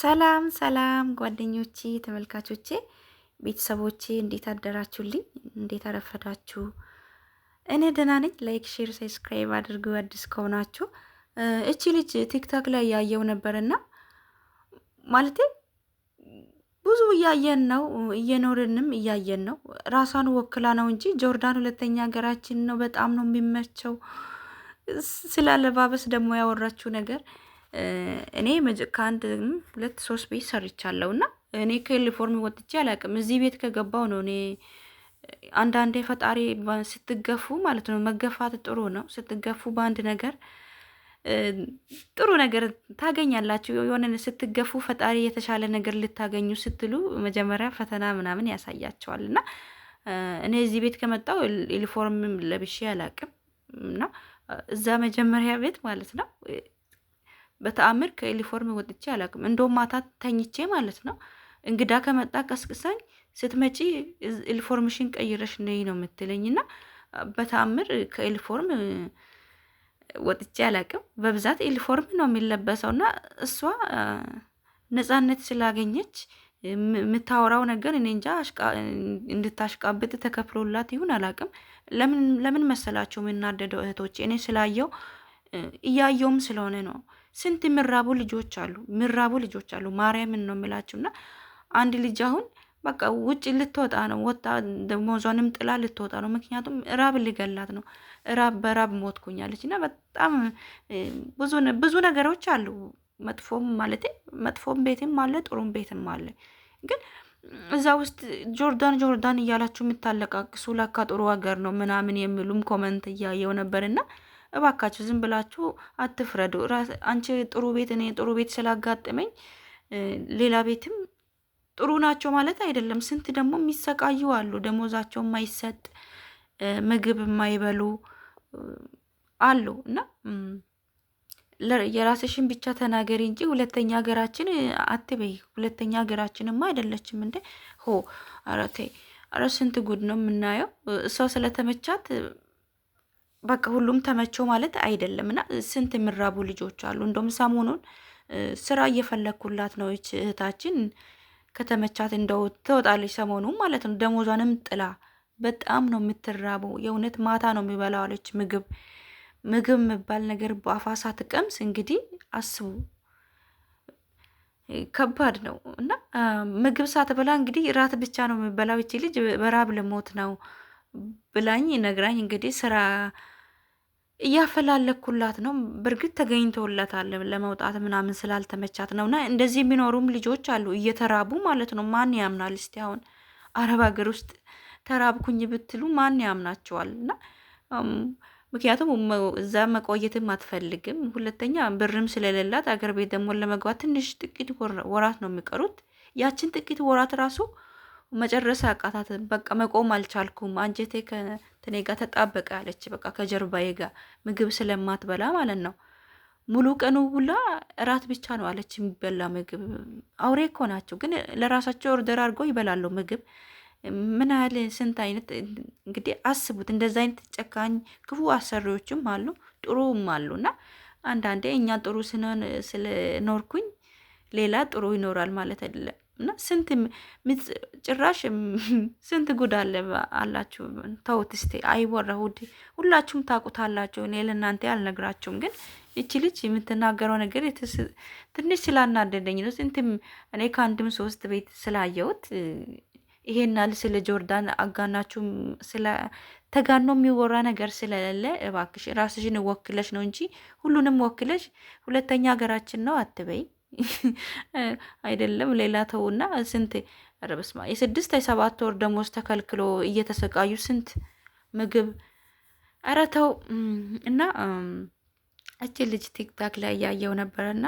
ሰላም ሰላም ጓደኞቼ ተመልካቾቼ ቤተሰቦቼ እንዴት አደራችሁልኝ? እንዴት አረፈዳችሁ? እኔ ደህና ነኝ። ላይክ ሼር፣ ሰብስክራይብ አድርጉ አዲስ ከሆናችሁ። እቺ ልጅ ቲክቶክ ላይ ያየው ነበርና ማለቴ ብዙ እያየን ነው እየኖርንም እያየን ነው። ራሷን ወክላ ነው እንጂ ጆርዳን ሁለተኛ ሀገራችን ነው፣ በጣም ነው የሚመቸው። ስላለባበስ ደግሞ ያወራችው ነገር እኔ ከአንድ ሁለት ሶስት ቤት ሰርቻለሁ እና እኔ ከዩኒፎርም ወጥቼ አላውቅም። እዚህ ቤት ከገባው ነው እኔ አንዳንዴ ፈጣሪ ስትገፉ ማለት ነው። መገፋት ጥሩ ነው። ስትገፉ በአንድ ነገር ጥሩ ነገር ታገኛላችሁ። የሆነ ስትገፉ ፈጣሪ የተሻለ ነገር ልታገኙ ስትሉ መጀመሪያ ፈተና ምናምን ያሳያቸዋል እና እኔ እዚህ ቤት ከመጣው ዩኒፎርም ለብሼ አላውቅም እና እዛ መጀመሪያ ቤት ማለት ነው በተአምር ከዩኒፎርም ወጥቼ አላውቅም። እንደውም ማታ ተኝቼ ማለት ነው እንግዳ ከመጣ ቀስቅሳኝ ስትመጪ ዩኒፎርምሽን ቀይረሽ ነይ ነው የምትለኝ እና በተአምር ከዩኒፎርም ወጥቼ አላውቅም። በብዛት ዩኒፎርም ነው የሚለበሰው እና እሷ ነፃነት ስላገኘች የምታወራው ነገር እኔ እንጃ እንድታሽቃብጥ ተከፍሎላት ይሁን አላውቅም። ለምን መሰላቸው የምናደደው እህቶች እኔ ስላየው እያየውም ስለሆነ ነው ስንት ምራቡ ልጆች አሉ፣ ምራቡ ልጆች አሉ። ማርያምን ነው የምላችሁና አንድ ልጅ አሁን በቃ ውጭ ልትወጣ ነው። ወጣ ደሞዟንም ጥላ ልትወጣ ነው። ምክንያቱም ራብ ሊገላት ነው። ራብ በራብ ሞትኩኛለች እና በጣም ብዙ ነገሮች አሉ። መጥፎም ማለት መጥፎም ቤትም አለ፣ ጥሩም ቤትም አለ። ግን እዛ ውስጥ ጆርዳን ጆርዳን እያላችሁ የምታለቃቅሱ ለካ ጥሩ ሀገር ነው ምናምን የሚሉም ኮመንት እያየው ነበር እና እባካችሁ ዝም ብላችሁ አትፍረዱ። አንቺ ጥሩ ቤት እኔ ጥሩ ቤት ስላጋጠመኝ ሌላ ቤትም ጥሩ ናቸው ማለት አይደለም። ስንት ደግሞ የሚሰቃዩ አሉ፣ ደሞዛቸው የማይሰጥ ምግብ የማይበሉ አሉ እና የራስሽን ብቻ ተናገሪ እንጂ ሁለተኛ ሀገራችን አትበይ። ሁለተኛ ሀገራችንማ አይደለችም እንዴ! ሆ አረቴ አረ ስንት ጉድ ነው የምናየው። እሷ ስለተመቻት በቃ ሁሉም ተመቸው ማለት አይደለም እና ስንት የሚራቡ ልጆች አሉ። እንደውም ሰሞኑን ስራ እየፈለግኩላት ነው ይች እህታችን ከተመቻት እንደው ትወጣለች ሰሞኑ ማለት ነው። ደሞዟንም ጥላ በጣም ነው የምትራበው። የእውነት ማታ ነው የሚበላው አለች ምግብ ምግብ የሚባል ነገር በአፋሳ ትቀምስ። እንግዲህ አስቡ ከባድ ነው እና ምግብ ሳትበላ እንግዲህ ራት ብቻ ነው የሚበላው። ይቺ ልጅ በራብ ልሞት ነው ብላኝ ነግራኝ እንግዲህ ስራ እያፈላለኩላት ነው። በእርግጥ ተገኝተውላታል ለመውጣት ምናምን ስላልተመቻት ነው። እና እንደዚህ የሚኖሩም ልጆች አሉ እየተራቡ ማለት ነው። ማን ያምናል እስቲ? አሁን አረብ ሀገር ውስጥ ተራብኩኝ ብትሉ ማን ያምናቸዋል? እና ምክንያቱም እዛ መቆየትም አትፈልግም። ሁለተኛ ብርም ስለሌላት አገር ቤት ደግሞ ለመግባት ትንሽ ጥቂት ወራት ነው የሚቀሩት። ያችን ጥቂት ወራት ራሱ መጨረስ አቃታት። በቃ መቆም አልቻልኩም፣ አንጀቴ ከእንትኔ ጋር ተጣበቀ አለች። በቃ ከጀርባዬ ጋር ምግብ ስለማትበላ ማለት ነው። ሙሉ ቀኑ ውላ እራት ብቻ ነው አለች የሚበላ ምግብ። አውሬ እኮ ናቸው፣ ግን ለራሳቸው ኦርደር አድርጎ ይበላሉ ምግብ። ምን ያህል ስንት አይነት እንግዲህ አስቡት። እንደዚ አይነት ጨካኝ ክፉ አሰሪዎችም አሉ፣ ጥሩም አሉ። እና አንዳንዴ እኛ ጥሩ ስለኖርኩኝ ሌላ ጥሩ ይኖራል ማለት አይደለም። እና ስንት ጭራሽ ስንት ጉድ አለ አላችሁ። ተውት እስቲ አይወራ ውድ ሁላችሁም ታውቁታላችሁ። እኔ ለእናንተ አልነግራችሁም፣ ግን ይቺ ልጅ የምትናገረው ነገር ትንሽ ስላናደደኝ ነው። ስንት እኔ ከአንድም ሶስት ቤት ስላየሁት ይሄና ስለ ጆርዳን አጋናችሁ ስለ ተጋኖ የሚወራ ነገር ስለሌለ እባክሽ ራስሽን ወክለሽ ነው እንጂ ሁሉንም ወክለሽ ሁለተኛ ሀገራችን ነው አትበይ። አይደለም ሌላ ተውና፣ ስንት ኧረ በስመ አብ የስድስት የሰባት ወር ደሞዝ ተከልክሎ እየተሰቃዩ ስንት ምግብ ኧረ ተው እና እች ልጅ ቲክታክ ላይ እያየው ነበረና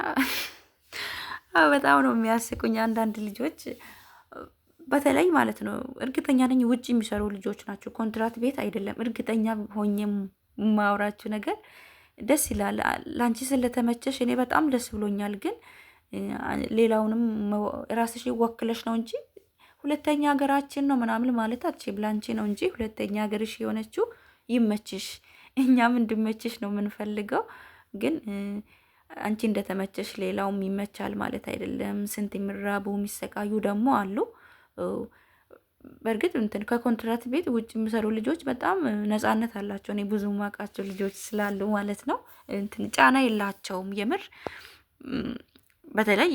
በጣም ነው የሚያስቁኝ አንዳንድ ልጆች በተለይ ማለት ነው እርግጠኛ ነኝ ውጭ የሚሰሩ ልጆች ናቸው። ኮንትራት ቤት አይደለም። እርግጠኛ ሆኜ የማውራችሁ ነገር ደስ ይላል። ለአንቺ ስለተመቸሽ እኔ በጣም ደስ ብሎኛል ግን ሌላውንም ራስሽ ይወክለሽ ነው እንጂ ሁለተኛ ሀገራችን ነው ምናምን ማለት አች ብላንቺ ነው እንጂ ሁለተኛ ሀገርሽ የሆነችው ይመችሽ። እኛም እንድመችሽ ነው የምንፈልገው ግን አንቺ እንደተመቸሽ ሌላውም ይመቻል ማለት አይደለም። ስንት የሚራቡ የሚሰቃዩ ደግሞ አሉ። በእርግጥ እንትን ከኮንትራት ቤት ውጭ የሚሰሩ ልጆች በጣም ነፃነት አላቸው። እኔ ብዙ ማውቃቸው ልጆች ስላሉ ማለት ነው። እንትን ጫና የላቸውም የምር በተለይ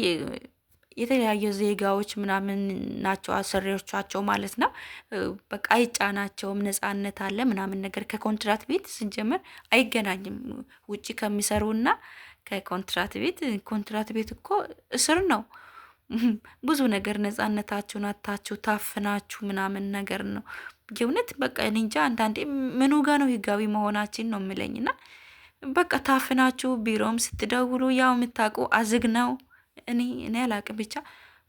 የተለያየ ዜጋዎች ምናምን ናቸው አሰሪዎቻቸው ማለት ነው። በቃ አይጫናቸውም፣ ነጻነት አለ ምናምን ነገር ከኮንትራት ቤት ስንጀምር አይገናኝም። ውጭ ከሚሰሩና ከኮንትራት ቤት ኮንትራት ቤት እኮ እስር ነው። ብዙ ነገር ነጻነታችሁን አታችሁ ታፍናችሁ ምናምን ነገር ነው። የእውነት በቃ እንጃ አንዳንዴ ምኑ ጋ ነው ህጋዊ መሆናችን ነው የምለኝና በቃ ታፍናችሁ ቢሮም ስትደውሉ ያው የምታውቁ አዝግ ነው እኔ እኔ አላቅም ብቻ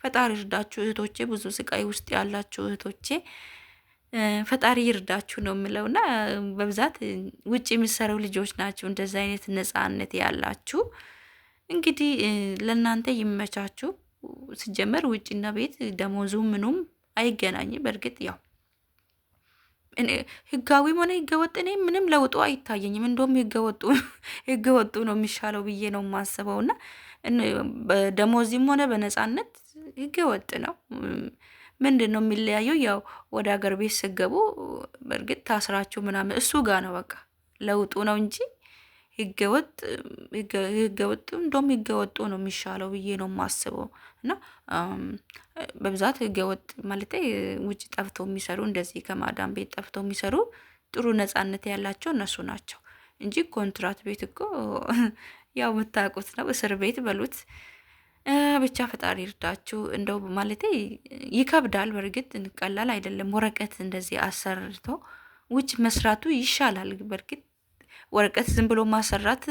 ፈጣሪ ይርዳችሁ እህቶቼ፣ ብዙ ስቃይ ውስጥ ያላችሁ እህቶቼ ፈጣሪ ይርዳችሁ ነው የምለውና በብዛት ውጭ የሚሰራው ልጆች ናቸው እንደዚ አይነት ነጻነት ያላችሁ። እንግዲህ ለእናንተ ይመቻችሁ። ሲጀመር ውጭና ቤት ደሞዙ ምኑም አይገናኝም። በእርግጥ ያው ህጋዊም ሆነ ህገወጥ እኔ ምንም ለውጡ አይታየኝም። እንደውም ህገወጡ ህገወጡ ነው የሚሻለው ብዬ ነው የማስበውና ደሞዝም ሆነ በነፃነት ህገ ወጥ ነው። ምንድን ነው የሚለያየው? ያው ወደ ሀገር ቤት ስገቡ በእርግጥ ታስራችሁ ምናምን እሱ ጋር ነው በቃ ለውጡ ነው እንጂ ህገወጥ ህገወጥ እንደውም ህገወጡ ነው የሚሻለው ብዬ ነው የማስበው። እና በብዛት ህገወጥ ማለት ውጭ ጠፍተው የሚሰሩ እንደዚህ ከማዳም ቤት ጠፍተው የሚሰሩ ጥሩ ነፃነት ያላቸው እነሱ ናቸው እንጂ ኮንትራት ቤት እኮ ያው የምታውቁት ነው። እስር ቤት በሉት ብቻ ፈጣሪ ይርዳችሁ እንደው ማለት ይከብዳል። በእርግጥ ቀላል አይደለም። ወረቀት እንደዚህ አሰርቶ ውጭ መስራቱ ይሻላል። በእርግጥ ወረቀት ዝም ብሎ ማሰራት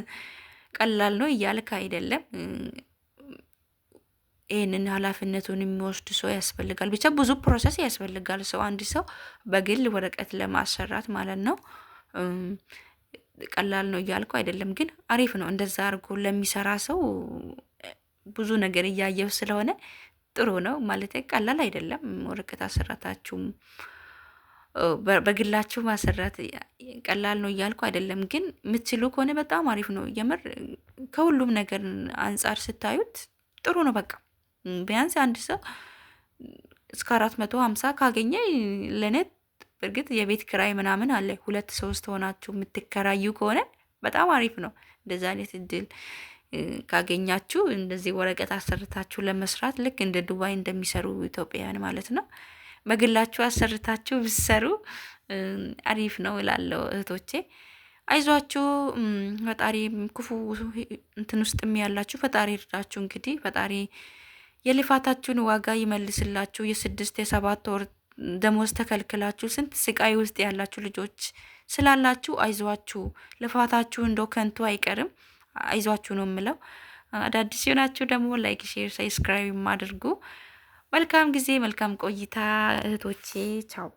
ቀላል ነው እያልክ አይደለም። ይህንን ኃላፊነቱን የሚወስድ ሰው ያስፈልጋል። ብቻ ብዙ ፕሮሰስ ያስፈልጋል ሰው አንድ ሰው በግል ወረቀት ለማሰራት ማለት ነው። ቀላል ነው እያልኩ አይደለም፣ ግን አሪፍ ነው። እንደዛ አድርጎ ለሚሰራ ሰው ብዙ ነገር እያየው ስለሆነ ጥሩ ነው ማለት ቀላል አይደለም። ወረቀት አሰራታችሁም በግላችሁ ማሰራት ቀላል ነው እያልኩ አይደለም፣ ግን የምትችሉ ከሆነ በጣም አሪፍ ነው። የምር ከሁሉም ነገር አንጻር ስታዩት ጥሩ ነው። በቃ ቢያንስ አንድ ሰው እስከ አራት መቶ ሀምሳ ካገኘ ለእኔ በእርግጥ የቤት ክራይ ምናምን አለ። ሁለት ሶስት ሆናችሁ የምትከራዩ ከሆነ በጣም አሪፍ ነው። እንደዚ አይነት እድል ካገኛችሁ እንደዚህ ወረቀት አሰርታችሁ ለመስራት ልክ እንደ ዱባይ እንደሚሰሩ ኢትዮጵያውያን ማለት ነው። በግላችሁ አሰርታችሁ ብሰሩ አሪፍ ነው እላለሁ እህቶቼ። አይዟችሁ ፈጣሪ ክፉ እንትን ውስጥ ያላችሁ ፈጣሪ እርዳችሁ። እንግዲህ ፈጣሪ የልፋታችሁን ዋጋ ይመልስላችሁ። የስድስት የሰባት ወር ደሞዝ ተከልክላችሁ ስንት ስቃይ ውስጥ ያላችሁ ልጆች ስላላችሁ አይዟችሁ፣ ልፋታችሁ እንደው ከንቱ አይቀርም። አይዟችሁ ነው የምለው። አዳዲስ የሆናችሁ ደግሞ ላይክ፣ ሼር፣ ሳብስክራይብ አድርጉ። መልካም ጊዜ፣ መልካም ቆይታ እህቶቼ። ቻው